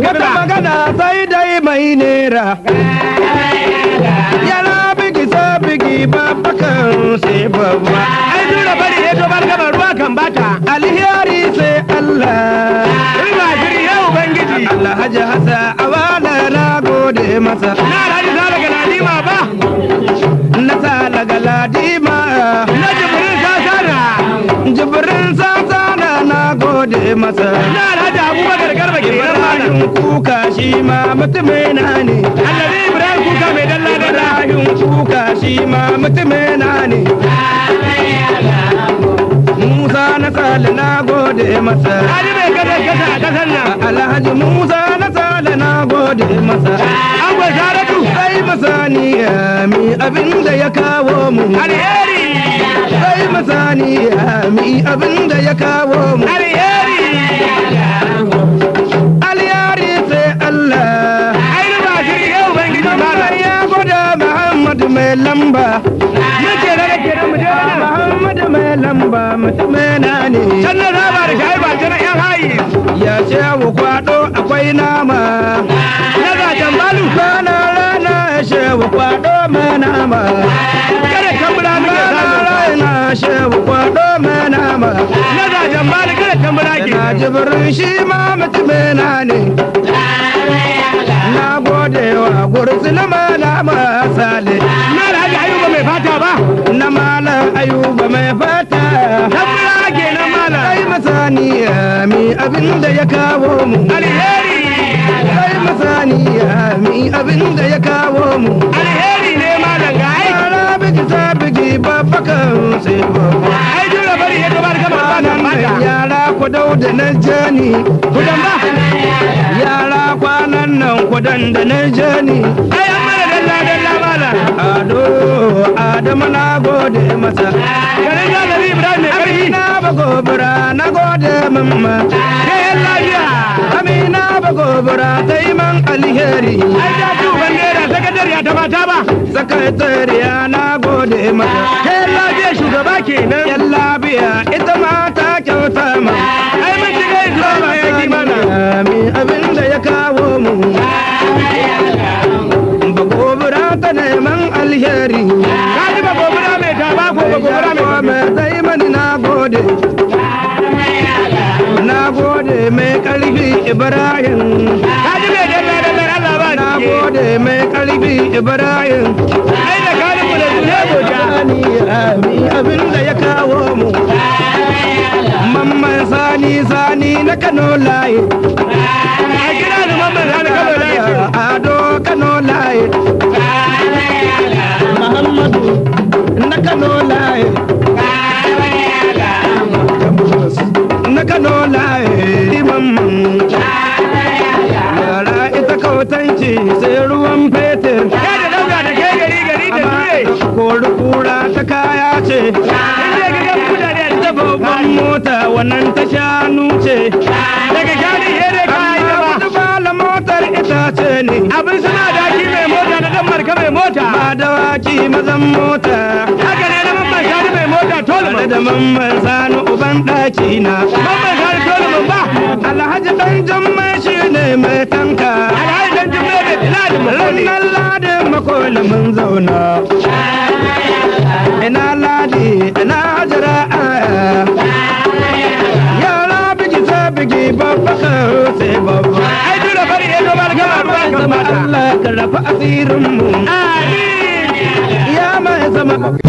wata magana sai dai mai nera yana biki so biki ba bakan sai babba ai tura bari ne to bar gaba ruwa kan bata alheri sai Allah ina jiri ya ubangiji Allah haji hasa awala na gode masa na alhaji na daga ladima ba na sa daga ladima na jibrin sasana jibrin sasana na gode masa na alhaji abubakar Ibrahim kuka shi ma mutumin na ne Annabi Ibrahim kuka mai dalla dalla Ibrahim kuka shi ma na ne Musa na sale na gode masa Ali bai a kasar nan Alhaji Musa na sale na gode masa An sai masaniya mi abin da ya kawo mu alheri sai masaniya mi abin da ya kawo mu alheri lamba muke rara ke da muje wani Muhammadu mai lamba mutum na ne sannan raba da shi ba ta yan hayi ya ce wa kwado akwai nama na ga balu kana rana she wa kwado mai nama kada kan na muke samu rana she wa kwado mai nama na ga balu kada kan ke na jibirin shi ma mutum na ne na gode wa gurtsi na malama sale tambura ke na mala kai masaniya mi abin da ya kawo mu alheri kai masaniya mi abin da ya kawo mu alheri ne malam ga ai rabiki sabiki babba kan sai babba ai jira bari ya dubar gaba ba nan yara ku dau da na jani ku ba yara kwanan nan ku da na jani ai ado adamu na gode masa garin jalari ibrahim amina ba na gode mamma ke lafiya amina ba gobara ta alheri ai ta tu bandera sakatariya ta mata ba sakatariya na gode masa ke lafiya shugaba kenan yan lafiya ita ma ta kyauta ma ai mun gode mai ƙarfi Ibrahim. mai dalla na gode mai ƙarfi Ibrahim. Ai da ka rubu da juna da ya kawo mu. Mamman sani na Kano laye. A kira da mamman Kano laye. Ado Kano laye. Muhammadu na Kano laye. kori kura ta kaya ce daga ga kudade ta babban mota wannan ta shanu ce daga shani here kaya wata bala motar ita ce ne abin suna daki mai mota da dan marka mai mota ba dawaki mazan mota haka ne na mamman shani mai mota tolman da mamman sani uban daki na mamman shani tolman ba alhaji dan jamman shi ne mai tanka alhaji dan jamman da ladin mun ladin makola mun zauna gari babba sai babba ya gaba da Allah ka rafa asirin mu ya mai zama